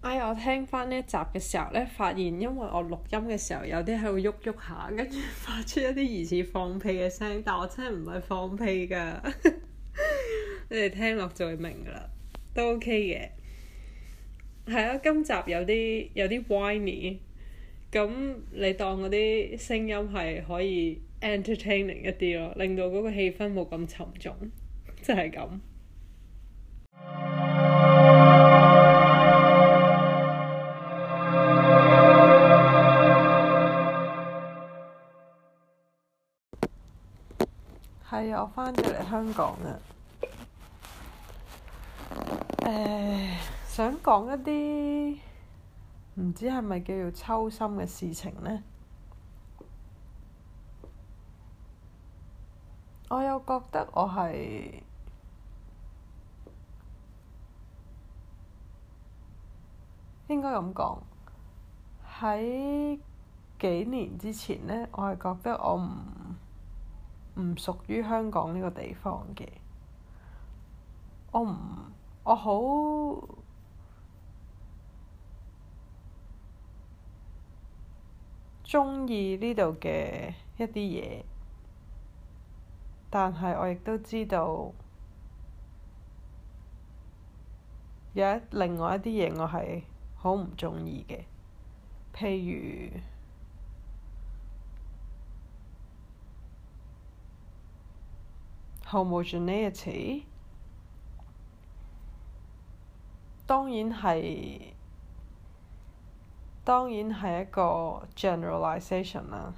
哎，我聽翻呢一集嘅時候呢，發現因為我錄音嘅時候有啲喺度喐喐下，跟住發出一啲疑似放屁嘅聲，但我真係唔係放屁噶， 你哋聽落就會明噶啦，都 OK 嘅。係啊，今集有啲有啲 whiny，咁你當嗰啲聲音係可以 entertaining 一啲咯，令到嗰個氣氛冇咁沉重，即係咁。係啊、哎！我返咗嚟香港啊。唉、哎，想講一啲唔知係咪叫做揪心嘅事情呢。我又覺得我係應該咁講。喺幾年之前呢，我係覺得我唔～唔屬於香港呢個地方嘅，我唔，我好中意呢度嘅一啲嘢，但係我亦都知道有一另外一啲嘢我係好唔中意嘅，譬如。Homogeneity 當然係當然係一個 generalization 啦。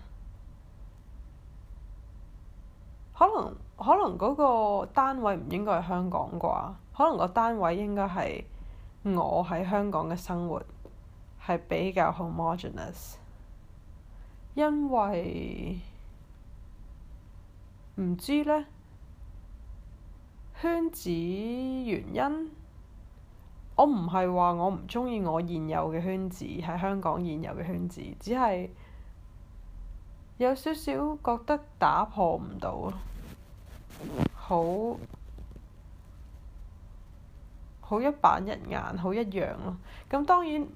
可能可能嗰個單位唔應該係香港啩，可能個單位應該係我喺香港嘅生活係比較 homogeneous，e 因為唔知呢。圈子原因，我唔係話我唔中意我現有嘅圈子，喺香港現有嘅圈子，只係有少少覺得打破唔到啊，好好一板一眼，好一樣咯。咁當然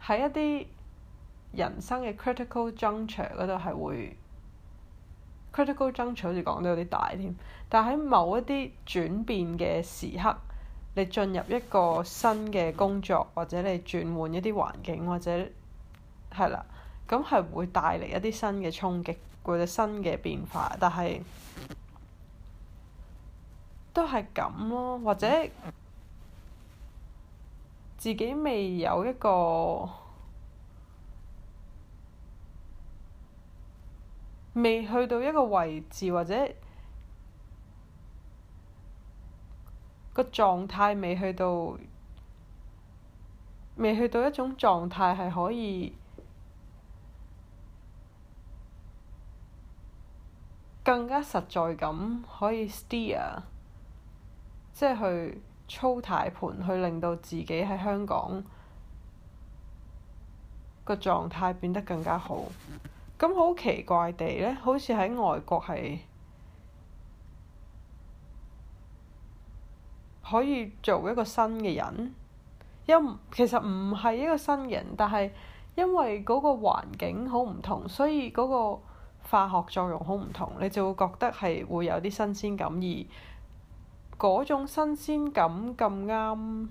喺一啲人生嘅 critical juncture 嗰度係會。Critical 爭取好似講得有啲大添，但係喺某一啲轉變嘅時刻，你進入一個新嘅工作，或者你轉換一啲環境或者係啦，咁係會帶嚟一啲新嘅衝擊或者新嘅變化，但係都係咁咯，或者自己未有一個。未去到一個位置，或者個狀態未去到，未去到一種狀態，係可以更加實在咁可以 steer，即係去操大盤，去令到自己喺香港個狀態變得更加好。咁好奇怪地呢，好似喺外國係可以做一個新嘅人，又其實唔係一個新人，但係因為嗰個環境好唔同，所以嗰個化學作用好唔同，你就會覺得係會有啲新鮮感，而嗰種新鮮感咁啱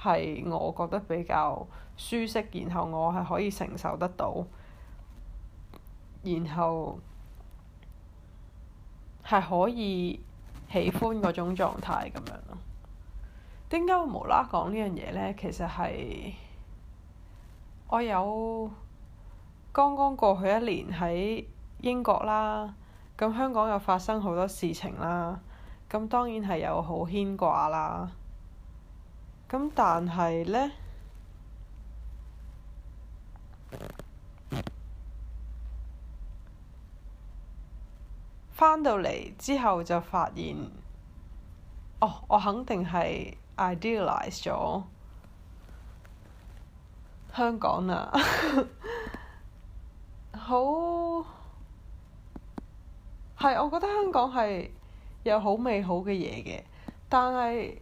係我覺得比較舒適，然後我係可以承受得到。然後係可以喜歡嗰種狀態咁樣咯。點解我無啦講呢樣嘢呢？其實係我有剛剛過去一年喺英國啦，咁香港又發生好多事情啦，咁當然係有好牽掛啦。咁但係呢，返到嚟之後就發現，哦，我肯定係 idealize 咗香港啦，啊， 好係我覺得香港係有好美好嘅嘢嘅，但係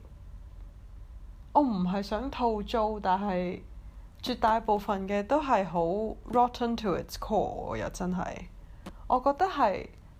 我唔係想套租，但係絕大部分嘅都係好 rotten to its core，又真係我覺得係。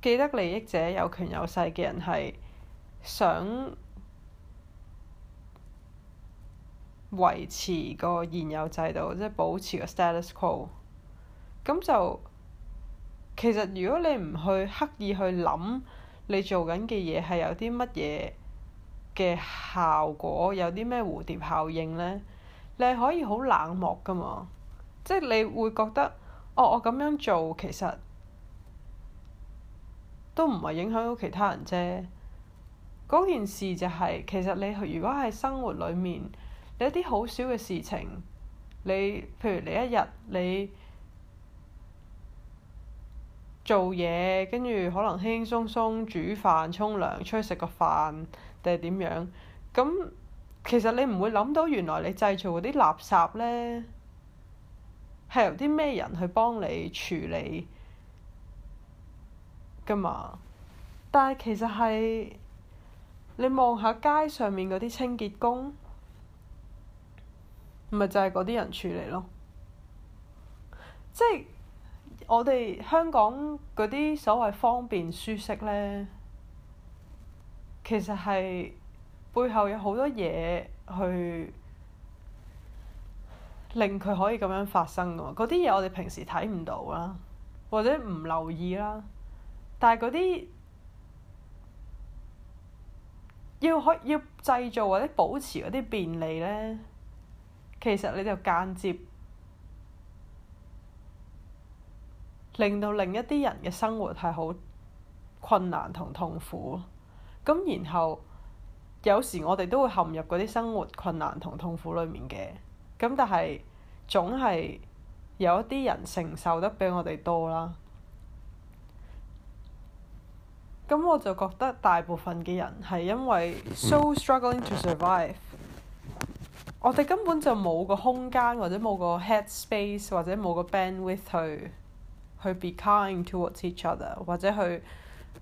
既得利益者有權有勢嘅人係想維持個現有制度，即係保持個 status quo。咁就其實如果你唔去刻意去諗你做緊嘅嘢係有啲乜嘢嘅效果，有啲咩蝴蝶效應呢？你可以好冷漠㗎嘛。即係你會覺得，哦，我咁樣做其實，都唔係影響到其他人啫。嗰件事就係，其實你如果喺生活裡面，你一啲好少嘅事情，你譬如你一日你做嘢，跟住可能輕輕鬆鬆煮飯、沖涼、出去食個飯定係點樣，咁其實你唔會諗到，原來你製造嗰啲垃圾呢，係由啲咩人去幫你處理。噶嘛？但係其實係你望下街上面嗰啲清潔工，咪就係嗰啲人處理咯。即係我哋香港嗰啲所謂方便舒適呢，其實係背後有好多嘢去令佢可以咁樣發生噶嘛。嗰啲嘢我哋平時睇唔到啦，或者唔留意啦。但係嗰啲要可要製造或者保持嗰啲便利呢，其實你就間接令到另一啲人嘅生活係好困難同痛苦，咁然後有時我哋都會陷入嗰啲生活困難同痛苦裡面嘅，咁但係總係有一啲人承受得比我哋多啦。咁我就覺得大部分嘅人係因為 so struggling to survive，我哋根本就冇個空間或者冇個 head space 或者冇個 bandwidth 去去 be kind towards each other 或者去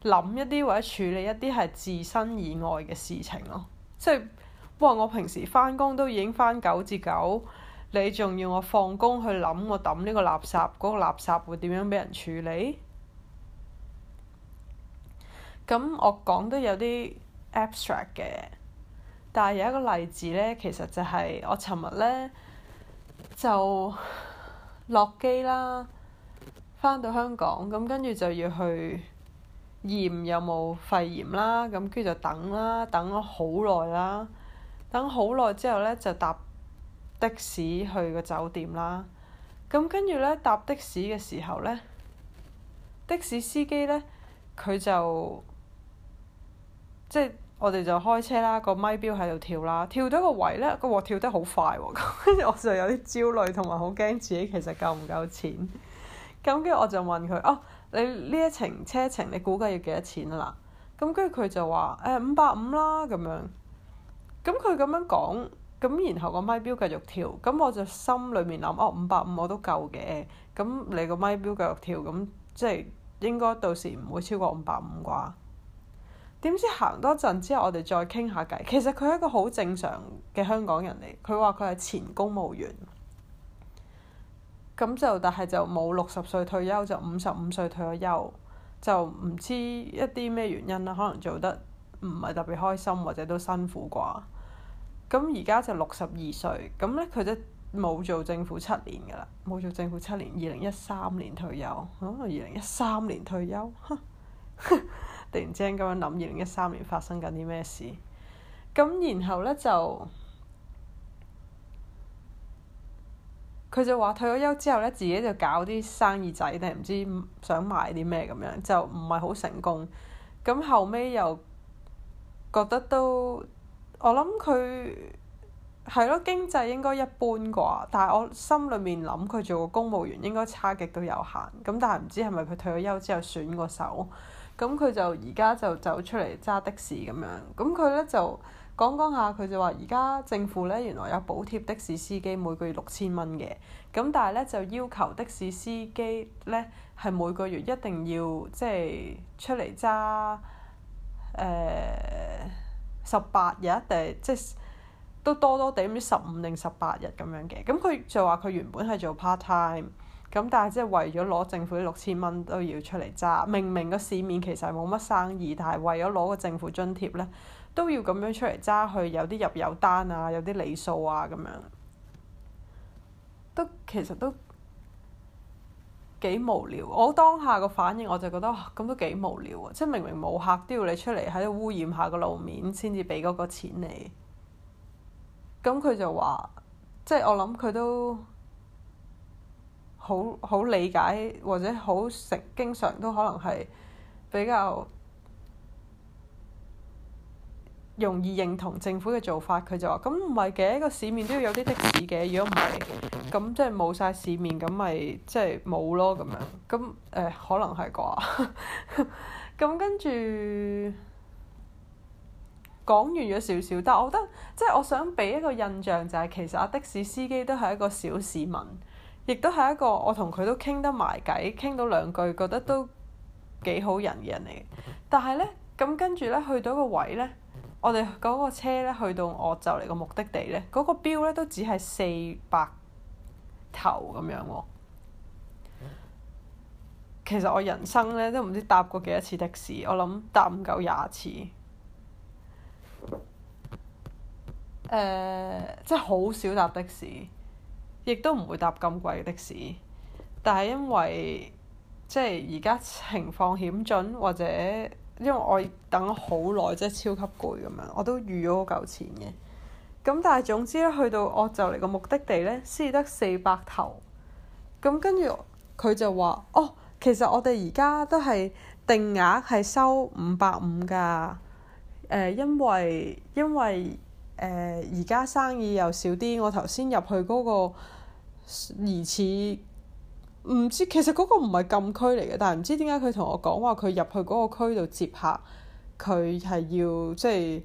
諗一啲或者處理一啲係自身以外嘅事情咯。即、就、係、是、哇！我平時翻工都已經翻九至九，9，你仲要我放工去諗我抌呢個垃圾嗰、那個垃圾會點樣俾人處理？咁我講都有啲 abstract 嘅，但係有一個例子呢，其實就係我尋日呢，就落機啦，返到香港，咁跟住就要去驗有冇肺炎啦，咁跟住就等啦，等咗好耐啦，等好耐之後呢，就搭的士去個酒店啦，咁跟住呢，搭的士嘅時候呢，的士司機呢，佢就～即係我哋就開車啦，個咪表喺度跳啦，跳到個位呢，個鑊跳得好快喎、啊，跟住我就有啲焦慮同埋好驚自己其實夠唔夠錢。咁跟住我就問佢：哦，你呢一程車程你估計要幾多錢啦？咁跟住佢就話：誒五百五啦咁樣。咁佢咁樣講，咁然後個咪表繼續跳，咁我就心裏面諗：哦五百五我都夠嘅，咁你個咪表繼續跳，咁即係應該到時唔會超過五百五啩。點知行多陣之後，我哋再傾下偈。其實佢係一個好正常嘅香港人嚟。佢話佢係前公務員，咁就但係就冇六十歲退休，就五十五歲退咗休，就唔知一啲咩原因啦。可能做得唔係特別開心，或者都辛苦啩。咁而家就六十二歲，咁呢，佢都冇做政府七年㗎喇，冇做政府七年，二零一三年退休，嚇，二零一三年退休。 突然之間咁樣諗二零一三年發生緊啲咩事，咁然後呢，就佢就話退咗休之後呢，自己就搞啲生意仔定唔知想買啲咩咁樣，就唔係好成功。咁後尾又覺得都我諗佢係咯經濟應該一般啩，但係我心裏面諗佢做個公務員應該差極都有限。咁但係唔知係咪佢退咗休之後損個手？咁佢就而家就走出嚟揸的士咁樣，咁佢呢就講講下，佢就話而家政府呢，原來有補貼的士司機每個月六千蚊嘅，咁但係呢，就要求的士司機呢，係每個月一定要、即係呃、即係出嚟揸十八日一定即係都多多哋咁，十五定十八日咁樣嘅，咁佢就話佢原本係做 part time。咁但係即係為咗攞政府啲六千蚊都要出嚟揸，明明個市面其實冇乜生意，但係為咗攞個政府津貼呢，都要咁樣出嚟揸去，有啲入有單啊，有啲理數啊，咁樣，都其實都幾無聊。我當下個反應我就覺得咁、啊、都幾無聊啊！即係明明冇客都要你出嚟喺度污染下個路面先至俾嗰個錢你。咁佢就話，即係我諗佢都。好好理解，或者好食，經常都可能係比較容易認同政府嘅做法。佢就話：咁唔係嘅，個市面都要有啲的士嘅。如果唔係，咁即係冇晒市面，咁咪、就是、即係冇咯咁樣。咁誒、欸，可能係啩？咁 跟住講完咗少少，但係我覺得即係我想俾一個印象、就是，就係其實阿、啊、的士司機都係一個小市民。亦都係一個我同佢都傾得埋偈，傾到兩句覺得都幾好人嘅人嚟。但係呢，咁跟住呢，去到個位呢，我哋嗰個車呢去到我就嚟個目的地呢，嗰個標呢都只係四百頭咁樣喎。其實我人生呢都唔知搭過幾多次的士，我諗搭唔夠廿次。呃，即係好少搭的士。亦都唔會搭咁貴嘅的士，但係因為即係而家情況險峻，或者因為我等咗好耐，即係超級攰咁樣，我都預咗嗰嚿錢嘅。咁但係總之咧，去到我就嚟個目的地呢，先得四百頭。咁跟住佢就話：哦，其實我哋而家都係定額係收五百五㗎。因為因為誒而家生意又少啲，我頭先入去嗰個。疑似唔知，其實嗰個唔係禁區嚟嘅，但係唔知點解佢同我講話佢入去嗰個區度接客，佢係要即係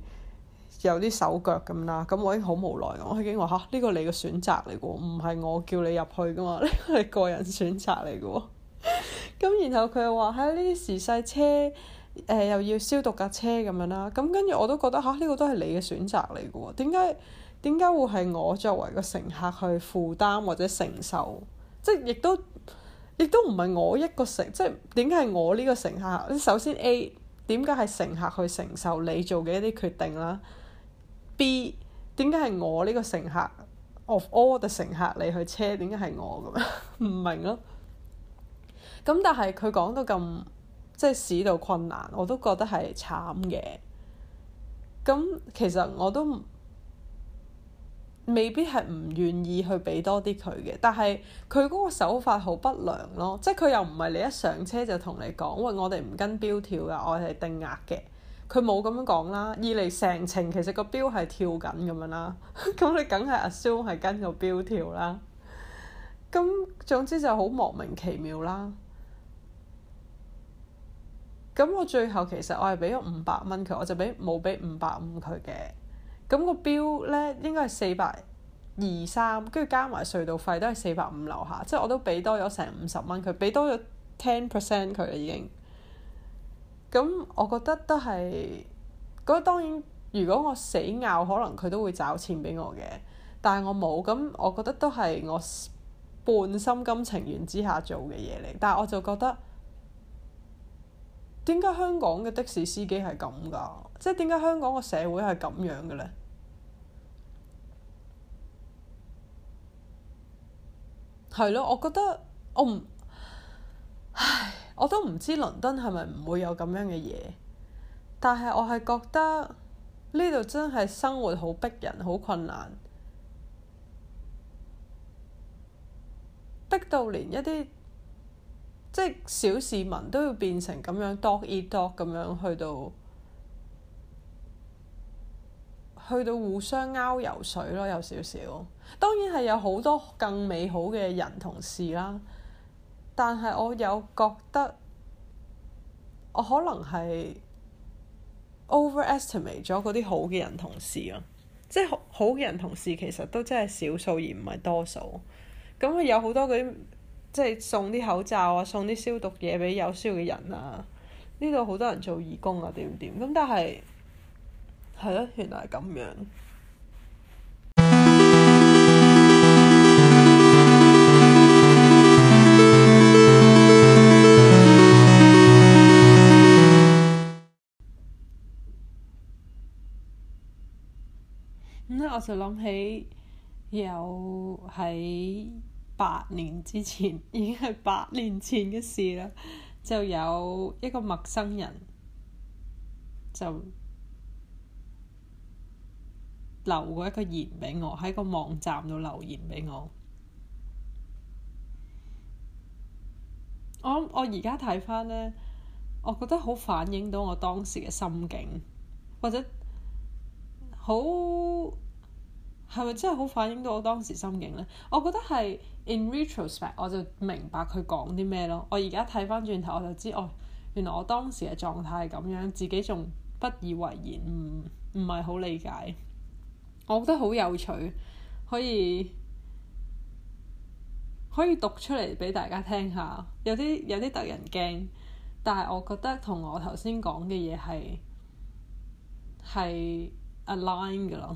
有啲手腳咁啦。咁我已經好無奈，我已經話吓呢個你嘅選擇嚟嘅喎，唔係我叫你入去㗎嘛，呢個係個人選擇嚟嘅喎。咁 然後佢又話喺呢啲時勢車誒、呃、又要消毒架車咁樣啦。咁跟住我都覺得吓，呢、啊這個都係你嘅選擇嚟嘅喎，點解？點解會係我作為個乘客去負擔或者承受？即係亦都亦都唔係我一個乘，即係點解係我呢個乘客？首先 A 點解係乘客去承受你做嘅一啲決定啦？B 點解係我呢個乘客？Of all the 乘客，你去車點解係我咁啊？唔 明咯。咁但係佢講到咁即係市道困難，我都覺得係慘嘅。咁其實我都，未必係唔願意去俾多啲佢嘅，但係佢嗰個手法好不良咯，即係佢又唔係你一上車就同你講，喂，我哋唔跟標跳噶，我哋係定額嘅。佢冇咁樣講啦。二嚟成程其實個標係跳緊咁樣啦，咁你梗係 assume 係跟個標跳啦。咁總之就好莫名其妙啦。咁我最後其實我係俾咗五百蚊佢，我就俾冇俾五百五佢嘅。咁個標咧應該係四百二三，跟住加埋隧道費都係四百五樓下，即係我都俾多咗成五十蚊佢，俾多咗 ten percent 佢啦已經。咁我覺得都係，嗰當然如果我死拗，可能佢都會找錢俾我嘅，但係我冇，咁我覺得都係我半心甘情願之下做嘅嘢嚟，但係我就覺得點解香港嘅的，的士司機係咁㗎？即係點解香港嘅社會係咁樣嘅咧？係咯，我覺得我唔，唉，我都唔知倫敦係咪唔會有咁樣嘅嘢，但係我係覺得呢度真係生活好逼人，好困難，逼到連一啲即係小市民都要變成咁樣 dog eat dog 咁樣去到去到互相勾油水咯，有少少。當然係有好多更美好嘅人同事啦，但係我有覺得我可能係 overestimate 咗嗰啲好嘅人同事啊，即係好嘅人同事其實都真係少數而唔係多數。咁佢有好多嗰啲即係送啲口罩啊、送啲消毒嘢俾有需要嘅人啊，呢度好多人做義工啊點點咁，點點點，但係係咯，原來係咁樣。咁咧，我就諗起有喺八年之前，已經係八年前嘅事啦。就有一個陌生人就留過一個言畀我，喺個網站度留言畀我。我我而家睇返呢，我覺得好反映到我當時嘅心境，或者好。係咪真係好反映到我當時心境呢？我覺得係 in retrospect 我就明白佢講啲咩咯。我而家睇翻轉頭我就知，哦，原來我當時嘅狀態係咁樣，自己仲不以為然，唔唔係好理解。我覺得好有趣，可以可以讀出嚟俾大家聽下。有啲有啲得人驚，但係我覺得同我頭先講嘅嘢係係 align 㗎囉。